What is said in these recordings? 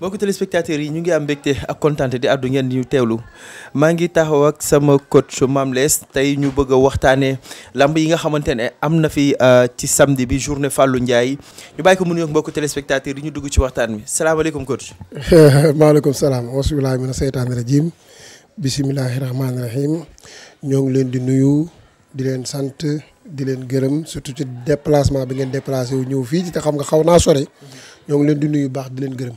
mbokk téléspectateurs yi ñu ngi am mbégte ak kontaan di àddu ngeen ñu teewlu maa ngi taxaw ak sama su maam lees tey ñu bëgg a waxtaanee lamb yi nga xamante ne am na fi euh, ci samedi bi journée Fallou Ndiaye ñu bàyyi ko mu nuyoog mbokk téléspectateurs yi ñu dugg ci waxtaan mi salaamaaleykum coach. maaleykum salaam wasalaam mina seytaani rajim bisimilahi rahmaani rahim ñoo ngi leen di nuyu di leen sant di leen gërëm surtout ci déplacement bi ngeen déplacé wu ñëw fii ci te xam nga xaw naa sore ñoo ngi leen di nuyu baax di leen gërëm.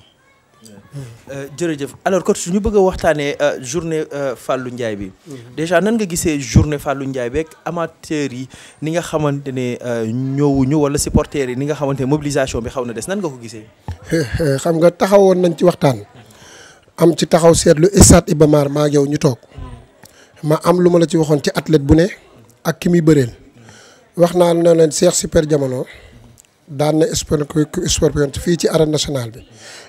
Euh, jërëjëf alors su ñu bëgg a waxtaanee euh, journée euh, Fallou Ndiaye bi mm-hmm. déjà nan nga gisee journée Fallou Ndiaye bi ak amateurs yi ni nga xamante ne ñëwuñu wala supporters yi ni nga xamante ne mobilisation bi xaw na des nan nga ko gisee. xam nga taxawoon nañ ci waxtaan am ci taxaw seetlu stade Iba Mar maa yow ñu toog ma am lu ma la ci waxoon ci athlète bu ne ak ki muy bëreel wax naa ne leen Cheikh Super Jamono daan na scorpion fii ci arène nationale bi.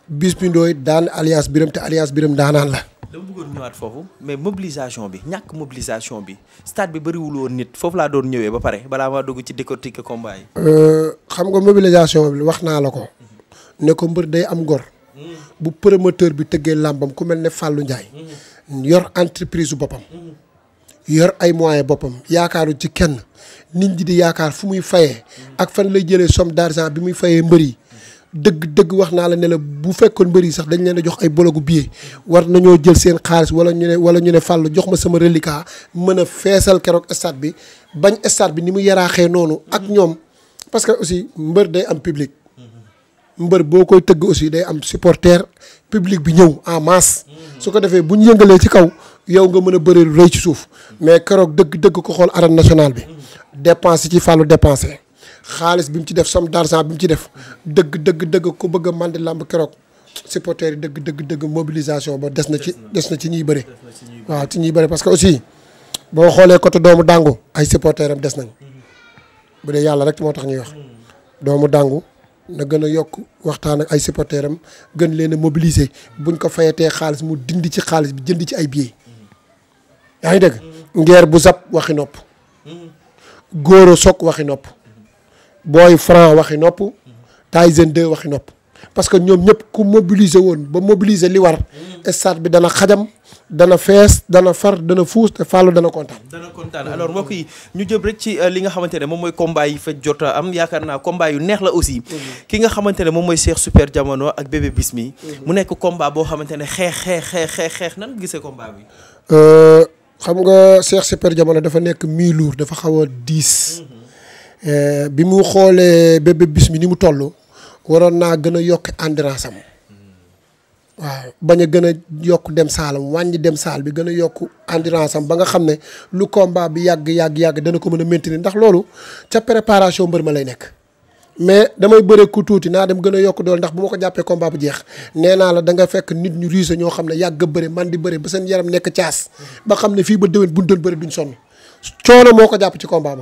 bis bi ndooy daan alliance biram te alliance biram daanaan la. dama bëggoon ñëwaat foofu mais mobilisation bi ñàkk mobilisation bi stade bi bëriwul woon nit foofu laa doon ñëwee ba pare balaa maa dugg ci décortique combat euh, xam nga mobilisation bi wax naa la ko. ne ko mbër day am gor. bu promoteur bi tëggee làmbam ku mel ne Fallou Ndiaye. yor entreprise boppam. yor ay moyens boppam yaakaaru ci kenn nit ñi di yaakaar fu muy fayee. ak fan lay jëlee somme d'argent bi muy fayee mbër yi. dëgg-dëgg wax naa la ne la bu fekkoon mbër yi sax dañ leen a jox ay bologu billet war nañoo jël seen xaalis wala ñu ne wala ñu ne fàll jox ma sama reliquat mën a feesal keroog stade bi bañ stade bi ni mu yaraaxee noonu ak ñoom parce que aussi mbër day am public. mbër boo koy tëgg aussi day am supporter public bi ñëw en masse. su ko defee bu ñu yëngalee ci kaw yow nga mën a bëri rëy ci suuf mais keroog dëgg-dëgg ko xool arène nationale bi. dépense ci fàllu dépensé. xaalis bi mu ci def somme d'argent bi mu ci def dëgg dëgg dëgg ku bëgg a làmb keroog supporters yi dëgg dëgg dëgg mobilisation ba des na ci des na ci ñuy bëri waaw ci ñuy bëri parce que aussi boo xoolee côté doomu dàngu ay supporters am des nañ bu dee yàlla rek moo tax ñuy wax doomu dàngu na gën a yokk waxtaan ak ay supporters am gën leen a mobiliser buñ ko fayatee xaalis mu dindi ci xaalis bi jënd ci ay billets yaa ngi dégg ngeer bu zap waxi nopp góoro sok waxi nopp booy franc waxi nopp Tyson 2 waxi nopp parce que ñoom ñëpp ku mobiliser woon ba mobiliser li war stade bi dana xajam dana fees dana far dana fuus te Fallou dana kontaan. dana kontaan alors mbokk yi ñu jëm ci euh, li nga xamante ne moom mooy combat yi fa jot am yaakaar naa combat yu neex la aussi. Mhm. ki nga xamante ne moom mooy Cheikh Super Diamono ak bébé Bismi. Mhm. mu nekk combat boo xamante ne xeex xeex xeex xeex xeex nan gisee combat bi. Euh, xam nga Cheikh Super Diamono dafa nekk mi lourd dafa xaw a diis. Mhm. Eh, bi mu xoolee bébé bis bi ni mu toll waroon naa gën a yokk endurance am waaw ba a gën a yokk dem saalam wàññi dem saal bi gën a yokk endurance ba nga xam ne lu combat bi yàgg yàgg yàgg dana ko mën a maintenir ndax loolu ca préparation mbër ma lay nekk. mais damay bëre ku tuuti naa dem gën a yokk dool ndax bu ma ko jàppee combat bu jeex nee naa la danga fekk nit ñu riise ñoo xam ne yàgg a bëre man di bëre ba seen yaram nekk caas ba xam ne fii ba déwén buñ doon bëre duñ sonn coono moo ko jàpp ci combat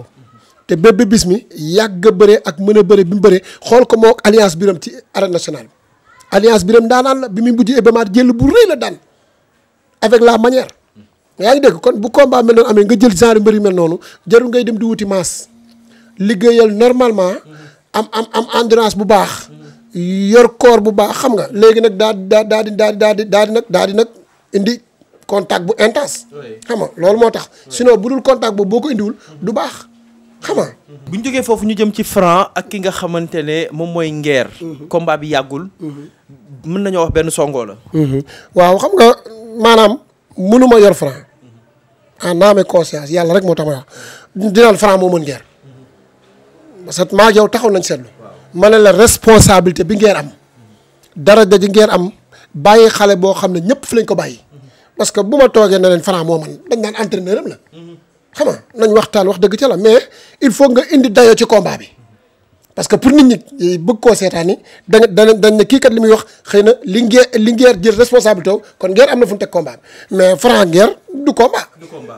te bébé bis mi yàgg a bëre ak mën a bëre bi mu bëre xool ko moo alliance biram ci arène nationale alliance biram daanaan la bi muy mujj ébamaat jël bu rëy la daan avec la manière yaa ngi dégg kon bu combat mel noonu amee nga jël genre mbër mel noonu jarul ngay dem di wuti maas liggéeyal normalement am am am endurance bu baax yor koor bu baax xam nga léegi nag daa daa daa di daa di daa di nag daa di nag indi contact bu intense xam nga loolu moo tax sinon bu dul contact boobu boo ko indiwul du xam nga bu ñu jógee foofu ñu jëm ci franc ak ki nga xamante ne moom mooy ngeer. Mhm. combat bi yàggul. Mhm. mën nañoo wax benn songoo la. Mhm. waaw xam nga maanaam mënuma yor franc. ah naa amee conscience yàlla rek moo tax ma wax moo mën ngeer. parce que nañ seetlu. ma ne la responsabilité bi ngeer am. dara daji ngeer am bàyyi xale boo xam ne ñëpp fi lañ ko bàyyi. parce bu ma toogee ne leen franc moo man dañ naan entraîneur la. xam nga nañ waxtaan wax dëgg ca la mais il faut nga indi dayoo ci combat bi parce que pour nit ñi bëgg koo seetaan yi dañ dañ ne kii kat li muy wax xëy na li ngeer li ngeer jël responsabilité wu kon ngeer am na fu mu teg combat bi mais Franc ngeer du combat.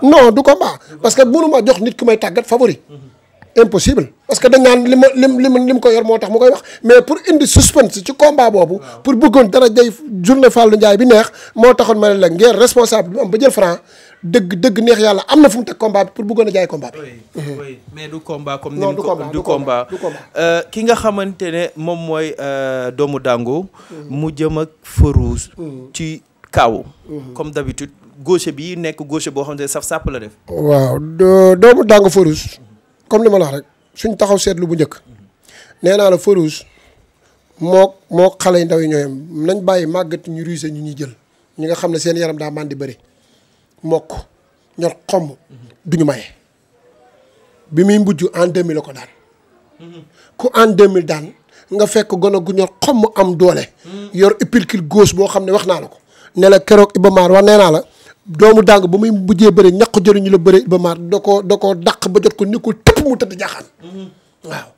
non du combat. parce que mënuma jox nit ku may tàggat favori. Mm-hmm. impossible parce que dañ naan li ma lim lim li mu ko yor moo tax mu koy wax mais pour indi suspense ci combat boobu. pour bëggoon dara jay journée Fallou Ndiaye bi neex moo taxoon ma ne la ngeer responsable bi am ba jël dëgg dëgg neex yàlla am na fu mu teg combat bi pour bëggoon a jaay combat bi. Mhm. mais du combat comme. non du combat du euh, ki nga xamante ne moom mooy euh, doomu Dango. Mhm. mu jëm ak feu rouge. Mhm. ci kaw. comme d'habitude gauche bi nekk gauche boo xam ne saf sàpp la def. waaw doomu Dango feu rouge comme li ma la rek suñ taxaw seetlu bu njëkk nee naa la feu rouge moo moo xale yu ndaw yi ñooyam nañ bàyyi màggat ñu ruuse ñu ñuy jël ñi nga xam ne seen yaram daa màndi bëri. mokk ñor xomm duñu maye bi muy mbujj en 2000 ko daan ku en 2000 daan nga fekk gone gu ñor xomm am doole yor uppercut gauche boo xam ne wax naa la ko ne la keroog Iba Mar wax nee naa la doomu dàng ba muy mujjee bëri ñaq jëriñu la bëri Iba Mar da koo da koo dàq ba jot ko ni ko tëpp mu tëdd jaaxaan waaw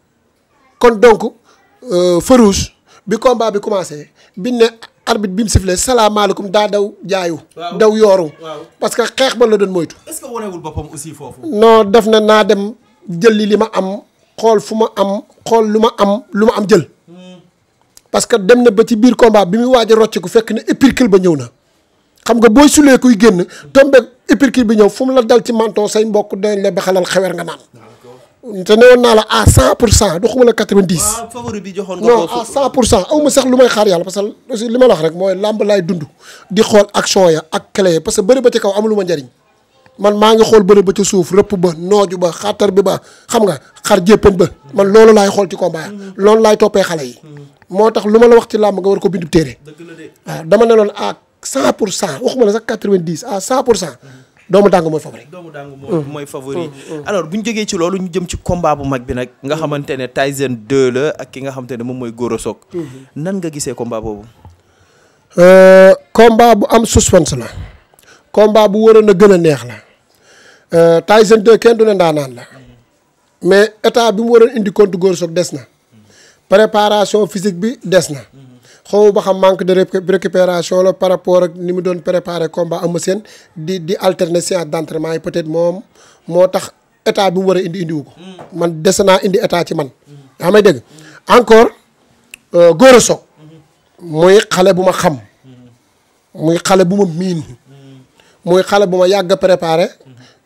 kon donc euh, Farouz bi combat bi commencé bi ne arbitre bi mu sifflé salaamaaleykum daa daw jaayu. daw yooru. parce que xeex ba la doon moytu. est-ce boppam aussi foofu. non def na naa dem jël li li ma am xool fu ma am xool lu ma am lu ma am jël. Hmm. parce que dem na ba ci biir combat bi muy waaj a rocc ku fekk ne épicule ba ñëw na. xam nga booy sulee kuy génn. tombeeg épicule bi ñëw fu mu la dal ci menton say mbokk dañ la ba xelal xewer nga naan. te newoon naa la à 100 pour cent du xumala 90. waaw favori bi joxoon nga non pour cent aw ma sax lu may xaar yàlla parce ba ci kaw amuluma njariñ man maa ngi ba xam nga xar jéppan ba man loolu laay xool ci combat mhm. loolu laay toppee xale yi. Mhm. moo tax lu ma la wax ci làmb nga war ko bindu téere. dëgg la de waaw dama ne loon à 100 pour cent waxuma la sax 90 à 100 pour cent. Mhm. doomu dàngu mooy favori. doomu dàngu mm. mooy favori. Mm, mm, alors bu ñu jógee ci loolu ñu jëm ci combat bu mag bi nag. nga xamante ne Tyson de la ak ki nga xamante ne moom mooy Gora Sock. Mm-hmm. nan nga gisee combat boobu. Euh, combat bu am suspense la. combat bu waroon na gën a neex la. Euh, Tyson 2 kenn du ne ndaanaan la. mais état bi mu waroon indi compte Gora des na. préparation physique bi des na. xaw ba xam manque de récupération la par rapport ak ni mu doon préparé combat Eumeu Sène di di alterner séance d'entraînement yi peut-être moom moo tax état bi mu war a indi indiwu ko. Mm. man dese naa indi état ci man. yaa may dégg encore euh, Gora Sock mm-hmm. muy xale bu ma xam. Mm-hmm. muy xale bu ma miin. Mm-hmm. muy xale bu ma yàgg a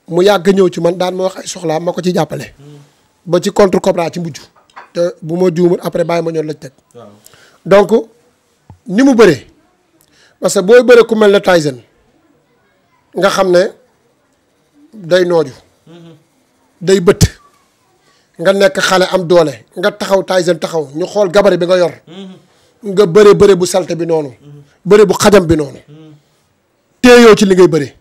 mu yàgg ñëw ci man daan ma wax ay soxlaa ma ko ci jàppale. ba ci contre Cobra ci mujj. te bu ma juumul après bàyyi ma ñoon lañ teg. donc. ni mu bëree parce que booy bëree ku mel ne Tyson nga xam ne day nooju day bëtt nga nekk xale am doole nga taxaw Tyson taxaw ñu xool gabari bi nga yor nga bëre bëre bu salte bi noonu bëre bu xajam bi noonu téeyoo ci li ngay bëre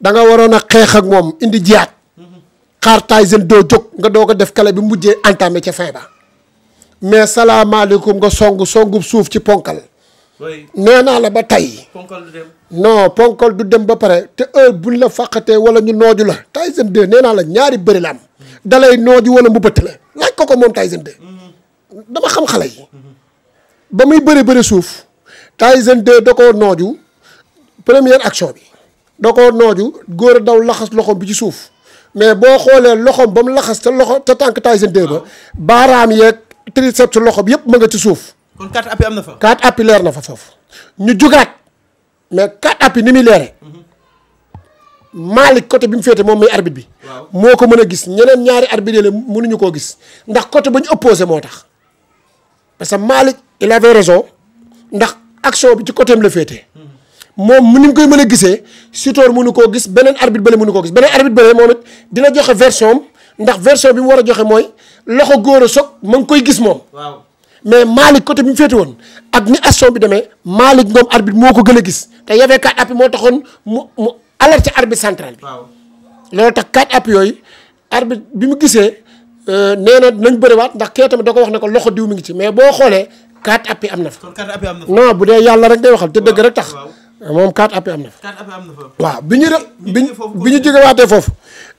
da nga waroon a xeex ak moom indi jiyaat xaar Tyson doo jóg nga doo ko def kale bi mujjee entamé ca fin mais mais salaamaaleykum nga song songub suuf ci ponkal nee naa la ba tey. ponkol du dem. non ponkol du dem ba pare te heure buñ la fàqatee wala ñu nooju la. Tyson 2 nee naa la ñaari bëri la am. dalay nooju wala mu bëtt la laaj ko ko moom Tyson 2. Mm-hmm. dama xam xale yi. ba muy bëri bëri suuf. Tyson de da koo nooju première action bi. da koo nooju góor a daw laxas loxoom bi ci suuf. mais boo xoolee loxoom ba mu laxas te loxo te tànk Tyson 2 ba. Ah. baaraam yeeg triceps loxo bi yëpp ma nga ci suuf. kon quatre appuis am na fa. quatre leer na fa foofu ñu jugaat mais quatre appuis ni muy leere Malick côté bi mu féete moom muy arbitre bi. moo ko mën a gis ñeneen ñaari arbitre la mënuñu koo gis ndax côté ba ñu opposé moo tax parce que Malick il avait raison ndax action bi ci côté am la féete. moom ni mu koy mën a gisee Sitor nu koo gis beneen arbitre bële mënu koo gis beneen arbitre bële moom it dina joxe version am ndax version bi mu war a joxe mooy loxo góor a soog ma ngi koy gis moom. waaw. mais Malick côté bi mu féete woon ak ni action bi demee Malick Ngom arbitre moo ko gën a gis te y'avait quatre appuis moo taxoon mu mu alerté arbitre central bi. waaw loolu tax quatre appuis yooyu arbitre bi mu gisee euh, nee na nañ bëriwaat ndax kee tamit da ko wax ne ko loxo diw mi ngi ci mais boo xoolee quatre appuis am am na fa non bu dee yàlla rek ngay waxal te dëgg rek tax. moom quatre appuis am na fa. quatre appuis am na fa. waaw bi ñu biñu bi ñu jógewaatee foofu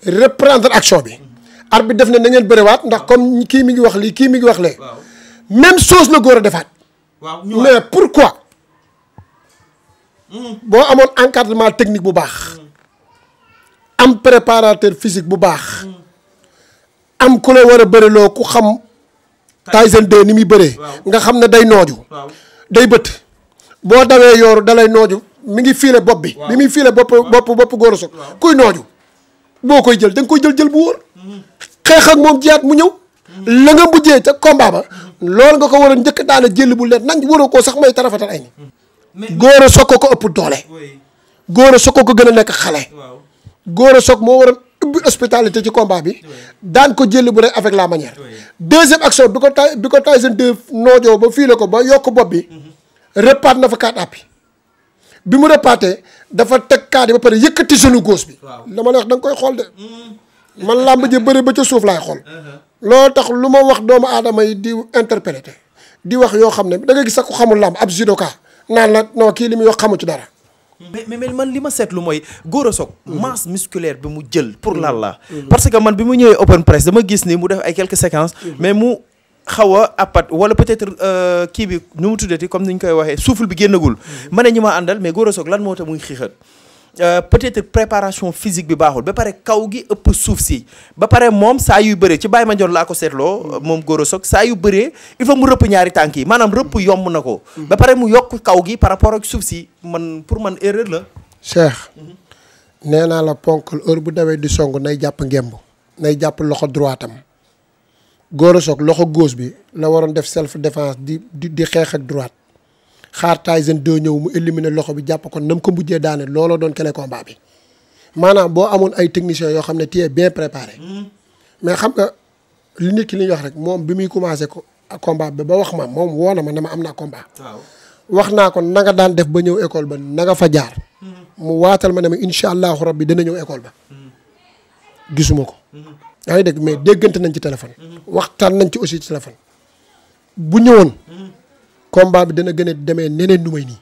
reprendre action bi. Mm-hmm. arbitre def ne na ngeen bëriwaat ndax comme kii mi ngi wax lii kii mi ngi wax lee. même chose la góor a defaat. waaw mais pourquoi. Hmm. boo amoon encadrement technique bu baax. Hmm. am préparateur physique bu baax. Hmm. am ku la war a bëriloo ku xam. Tyson 2 ni muy bëree. nga xam ne day nooju. day bëtt boo dawee yooru dalay nooju mu ngi fiile bopp bi. bi muy fiile bopp bopp bopp góor so kuy nooju. boo koy jël danga koy jël jël bu wóor. xeex ak moom jiyaat mu ñëw. la nga mujjee ca combat ba loolu nga ko war a njëkk daan a jël bu leer nañ waroo koo sax may tarafatal ay ni góor ko ko ëpp doole góor a ko ko gën a nekk xale góor soog moo war a ubbi hospitalité ci combat bi daan ko jël bu rek avec la manière deuxième action bi ko tay bi ko Tyson 2 noojoo ba fii la ko ba yokk bopp bi mhm. repaat na fa kaat appi bi mu repaatee dafa teg kaat yi ba pare yëkkati sunu goos bi la ma la wax koy xool de mhm. man làmb ji bëri ba ca suuf laay xool uh-huh. loolu tax lu ma wax doomu aadama yi di interprété di wax yoo xam ne da gis sax ku xamul làmb ab judoka naan la non kii li muy wax xamu ci dara. mais mais man li ma seetlu mooy Gora Sock mm-hmm. masse musculaire bi mu jël pour mm-hmm. lan la. Mm-hmm. parce que man bi mu ñëwee open press dama gis ni mu def ay quelques séquences. mais mu xaw a apat wala peut-être euh, kii bi nu mu tuddati comme ni ñu koy waxee souffle bi génnagul. ma ne ñi ma àndal mais Gora Sock lan moo tax muy xiixat. Euh, peut-être préparation physique bi baaxul ba pare kaw gi ëpp suuf si ba pare moom saa yu bëree ci ma Mandione laa ko seetloo mm. euh, moom Gora Sock saa yu bëree il faut mu rëpp ñaari tànk yi maanaam rëpp yomb na ko mm. ba pare mu yokk kaw gi par rapport ak suuf si man pour man erreur la Cheikh mm-hmm. nee naa la ponkal heure bu dawee di song nay jàpp ngemb nay jàpp loxo droitam Gora Sock loxo góos bi la waroon def self defence di di xeex ak droite xaar Tyson 2 ñëw mu éliminer loxo bi jàpp ko nam ko mujjee daane looloo doon kele combat bi maanaam boo amoon ay techniciens yoo xam ne tu es bien préparé. Hmm. mais xam nga li nit ki li ñuy wax rek moom bi muy commencé ko combat bi ba wax ma moom woo na ma ne am naa combat. waaw wax naa ko na daan def ba ñëw école ba na fa jaar. Hmm. mu waatal ma ne ma incha allahu bi dana ñëw école ba. Hmm. gisuma ko. yaa ngi dégg mais déggante nañ ci téléphone. waxtaan nañ ci aussi téléphone. bu ñëwoon. combat bi dana gën demee neneen nu may nii.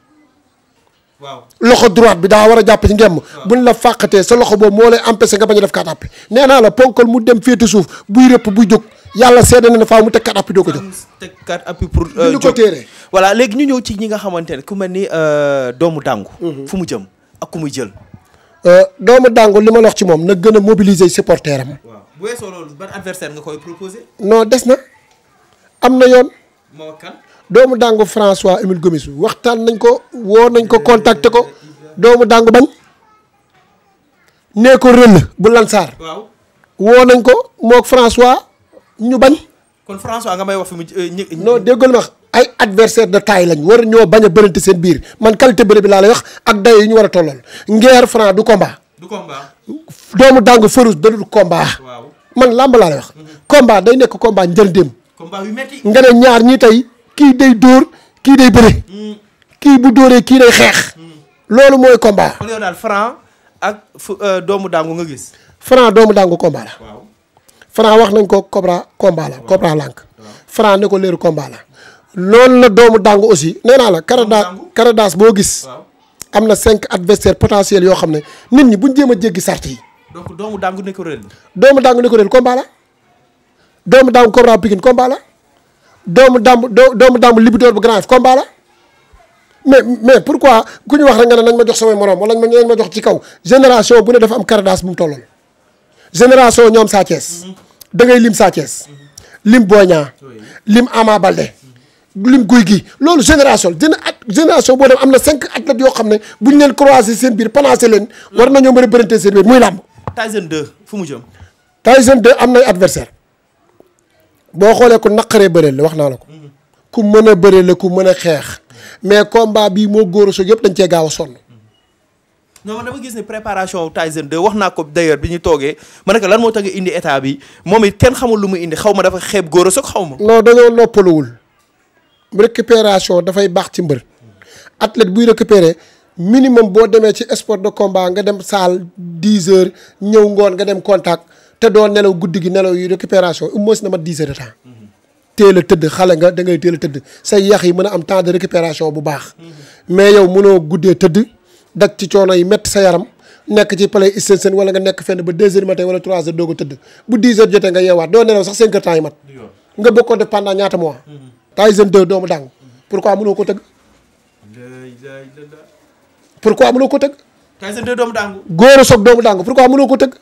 waaw loxo droite bi daa war a jàpp ci bu buñ la fàqatee sa loxo boobu moo lay empêché nga bañ a def kat appi nee naa la ponkal mu dem féete suuf buy rëpp buy jóg yàlla seede na ne faaw mu teg kat appi doo ko jóg. teg kat appi pour. Euh, jóg voilà léegi ñu ñëw ci ñi nga xamante ne ku mel ni euh, doomu dàngu. Mhm. fu mu jëm ak ku muy jël. Euh, doomu dàngu li ma la wax ci moom na gën a mobiliser supporter am. waaw bu weesoo loolu ban adversaire nga koy proposé. non des na am na yoon. moo doomu dàngu François Émile Gomis waxtaan nañ ko woo nañ ko contacter ko doomu dàngu bañ nee ko rëll bu Lansar. waaw woo nañ ko mook François ñu bañ. kon François nga may wax fi mu eh, ñë. non déggal ma ay adversaire de taille lañ war ñoo bañ a bërante seen biir man qualité bëre bi laa lay wax ak dayo yi ñu war a tollool ngeer franc du combat. du combat. doomu dàngu Farouz da dul combat. man làmb laa lay wax. Mm-hmm. combat day nekk combat njëriñ démb. nga ne ñaar ñii tey. kii day dóor kii day bëre. kii bu dóoree kii day xeex. loolu mooy combat. kon yow ak euh, doomu dangu nga gis. Franc doomu dangu combat la. wax nañ ko Cobra combat la lànk. Franc ne ko leeru combat la. loolu la doomu dangu aussi nee la. Caradaas boo gis. am na cinq adversaires potentiels yoo xam ne nit ñi buñ jéem a jéggi sart yi. donc doomu dangu ne ko réel. doomu dangu ne ko réel doomu dàmb doomu dàmb libidoor bu grand combat la mais mais pourquoi ku ñu wax rek nga nañ ma jox samay morom wala nañ ma jox ci kaw génération bu ne dafa am caradaas bu mu tolloon génération ñoom Sa Thiès mhm. da ngay lim Sa Thiès mhm. lim Boña lim Ama Balde mhm. lim Guy gi loolu génération dina at génération boo dem am na cinq athlètes yoo xam ne bu ñu leen croisé seen biir panacé leen war na nañoo mën a bërante seen biir muy làmb. Tyson 2 fu mu jëm. Tyson 2 am nay adversaire boo xoolee ku naqaree bëree la wax naa la ko mhm. ku mën a bëree la ku mën a xeex mhm. mais combat bii moo góor a soog yëpp dañ cee gaaw a sonn. Mhm. non man dama gis ni préparation Tyson 2 wax naa ko d'ailleurs bi ñu toogee ma ne ko lan moo tax indi état bi moom it kenn xamul lu mu indi xaw ma dafa xeeb góor a soog xaw ma. non dañoo noppaluwul récupération dafay baax ci mbër athlète buy récupérer minimum boo demee ci sport de combat nga dem salle dix heures ñëw ngoon nga dem contact. te doo nelaw guddi gi nelaw yu récupération au moins na mat 10 de temps teel tëdd xale nga da ngay teel a tëdd sa yax yi mën a am temps de récupération bu baax mais yow mënoo guddee tëdd dak ci coono yi mett sa yaram nekk ci palais Hissène wala nga nekk fenn ba 2 heures matin wala 3 heures doo ko tëdd bu 10 heures jotee nga yeewaat doo nelaw sax 5 heures temps yi mat nga bëggoon def pendant ñaata mois Tyson ko tëgg pourquoi mënoo ko tëgg Tyson 2 doomu dàng góor a soog doomu dàng pourquoi mënoo ko tëgg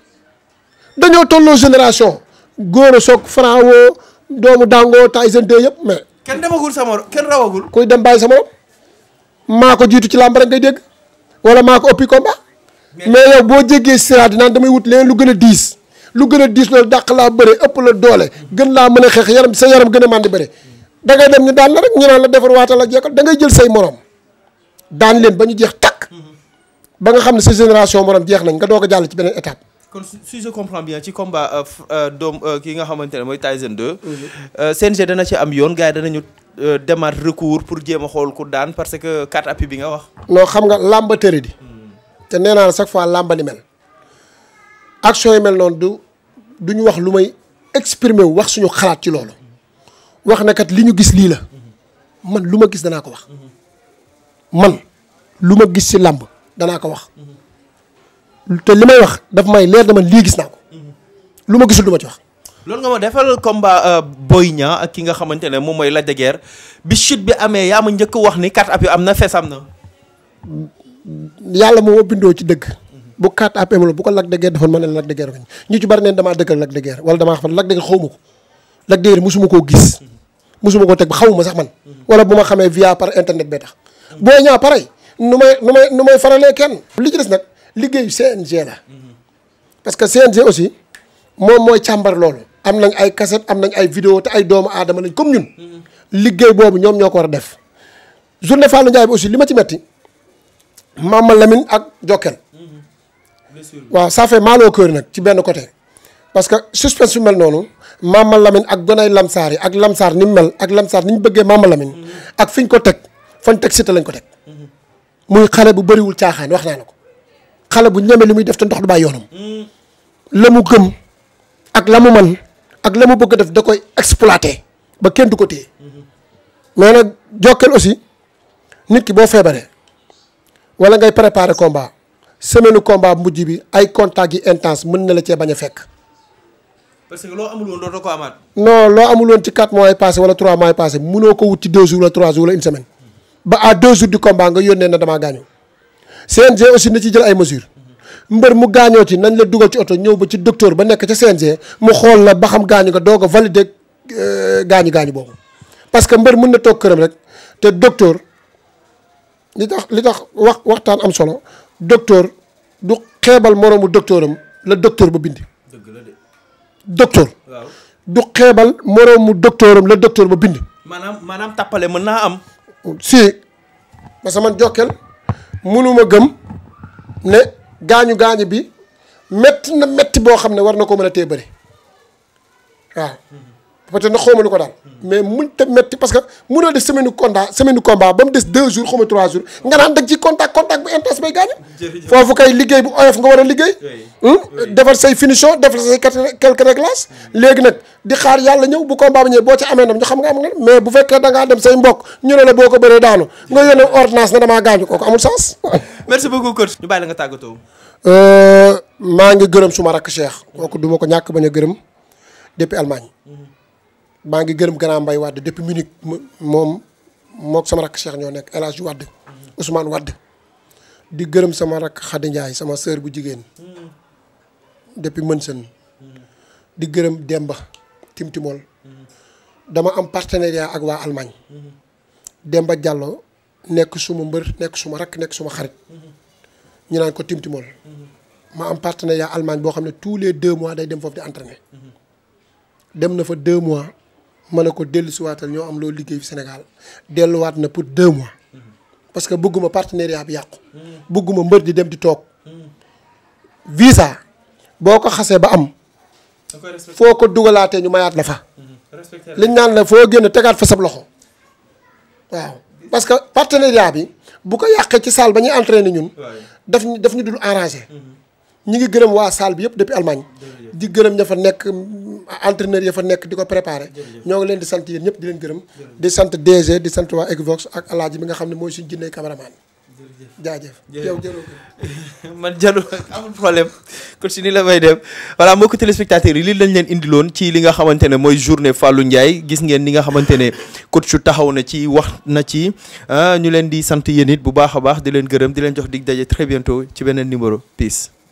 dañoo tolloo génération góor a soog franc woo doomu dàngoo Tyson 2 yëpp mais. kenn defagul sa morom kenn rawagul. dem bàyyi sa maa ko jiitu ci làmb rek ngay dégg wala maa ko ëppi combat. mais yow boo jéggee siraat naan damay wut leen lu gën a diis lu gën a diis loolu daq laa bëre ëpp la doole gën laa mën a xeex yaram sa yaram gën a màndi bëre da ngay dem ñu daan la rek ñu naan la defar waatal la jekkal da ngay jël say morom daan leen ba ñu jeex takk mhm. ba nga xam ne sa génération morom jeex nañ nga doog a jàll ci beneen kon si je comprends bien euh, euh, doom euh, ki nga xamante ne mooy Tyson 2. Mhm. CNG dana ci am yoon gars yi danañu demaat recours pour jéem a xool ku daan parce que quatre appuis bi nga wax. non xam nga làmba tëri di. Hmm. te nee naa chaque fois làmba ni mel. action yi mel noonu du duñu wax lu may exprimer wu wax suñu xalaat ci loolu. wax na li ñu gis lii la. Hmm. man lu ma gis danaa ko wax. Hmm. man lu ma gis ci làmb danaa ko wax. te li may wax daf may leer na man lii gis naa ko mhm. lu ma gisul du ma ci wax. loolu nga ma defal combat euh, Boy Niang ak ki nga xamante ne moom mooy Lac de bi chute bi amee yaa ma njëkk wax ni quatre appuis am na fees am na. yàlla moo ci dëgg. bu quatre appuis amul bu ko Lac de defoon ma ne Lac de ñu ci bari neen damaa dëkkal Lac de Guiers wala damaa xam Lac ko Lac de Guiers mosuma koo gis. mosuma koo teg ba xawuma sax man. Mhm. wala ma xamee via par internet bee tax. Mhm. Boy Niang pareil nu may nu may nu may faralee kenn. li ci des nag. liggéeyu CNG la. parce que CNG aussi moom mooy càmbar loolu. am nañ ay cassette am nañ ay video te ay doomu aadama lañ comme ñun. liggéey boobu ñoom ñoo ko war a def. journée Fallou Ndiaye bi aussi li ma ci metti Mama Lamine ak Jokkel. waaw ça fait mal au cœur nag ci benn côté. parce que suspense su mel noonu maam Mama Lamine ak gonay lamsaar yi ak lamsaar ni mu mel ak lamsaar ni ñu bëggee ma Lamine. ak fi ñu ko teg fañ teg Siteu lañ ko teg. muy xale bu bëriwul caaxaan wax naa la ko. xale bu ñeme li muy def te ndox du bàyyi yoonam. la mu gëm ak la mu man ak la mu bëgg def da koy exploité ba kenn du ko téye mais nag Jokal aussi nit ki boo feebaree wala ngay préparer combat semaine combat mujj bi ay contacts yi intense mën na la cee bañ a fekk. parce que loo amul woon dootoo ko amaat. non loo amul woon ci 4 mois yi passé wala 3 mois yi passé munoo ko wut ci 2 jours wala 3 jours wala une semaine ba à 2 jours du combat nga yónnee na damaa gaañu. CNG aussi na ci jël ay mesures mbër mu gaañoo yi nañ la dugal ci oto ñëw ba ci docteur ba nekk ca CNG mu xool la ba xam gaañu nga doog a valider euh, gaañu gaañu boobu. parce que mbër mën na toog këram rek te docteur li tax li tax wax waxtaan am solo docteur du xeebal moroomu docteuram la docteur ba bind. dëgg la de. docteur. waaw du xeebal moroomu docteuram la docteur ba bind. maanaam maanaam tàppale mën naa am. si ma que man Jokal. mënuma gëm ne gaañu gaañu bi metti na metti boo xam ne war na ko mën a tee bëri waaw peut na ko daal mais muñ te metti parce que mënoo def semaine combat semaine combat ba mu des deux jours xawma trois jours nga naan dag ci contact contact bu intense bay gaañu foofu kay liggéey bu oyof nga war a liggéey defar say finition defar say quelques réglages léegi nag di xaar yàlla ñëw bu combat bi ñëwee boo ci amee ndam ñu xam am nga mais bu fekkee da ngaa dem say mbokk ñu ne la boo ko bëree daanu nga yónnee ordonnance na damaa gaañu kooku amul sens euh, maa ngi gërëm suma rakk Cheikh kooku du ma ko ñàkk bañ a gërëm depuis maa ngi gërëm grand mbay wàdd depuis Munich moom mook sama rakk Cheikh ñoo nekk El Hadj Wade Ousmane Wade di gërëm sama rakk Khady Ndiaye sama sœur bu jigéen depuis München di gërëm Demba Timtimol dama am partenariat ak waa Allemagne Demba Diallo nekk suma mbër nekk suma rakk nekk suma xarit ñu naan ko Timtimol ma am partenariat Allemagne boo xam ne tous les deux mois day dem foofu di entraîner dem na fa deux mois ma ne ko dellu siwaatal ñoo am loo liggéey fi Sénégal delluwaat na pour deux mois parce que bëgguma partenariat bi yàqu bëgguma mbër di dem di toog visa boo ko xasee ba am foo ko dugalaatee ñu mayaat la fa mm-hmm. liñ naan la foo génn tegaat fa sab loxo waaw parce que partenariat bi bu ko yàqee ci salle ba ñu ñuy na ñun daf ñu daf ñu dul arrangé mm-hmm. ñi ngi gërëm waa salle bi yëpp depuis Allemagne di gërëm ña fa nekk entraîneur ya fa nekk di ko préparé ñoo ngi leen di sant yéen ñëpp di leen gërëm sant DG di sant waa Equivox ak alaaji bi nga xam ne mooy suñu jinney cameraman jaajëf yow man jalo amul problème ni la may dem voilà mbokki téléspectateurs yi li lañ leen indiloon ci li nga xamante ne mooy journée Fallou Ndiaye gis ngeen ni nga xamante ne coach taxaw na ci wax na ci ah, ñu leen di sant yéen it bu baax a baax di leen gërëm di leen jox dig daje très bientôt ci beneen numéro peace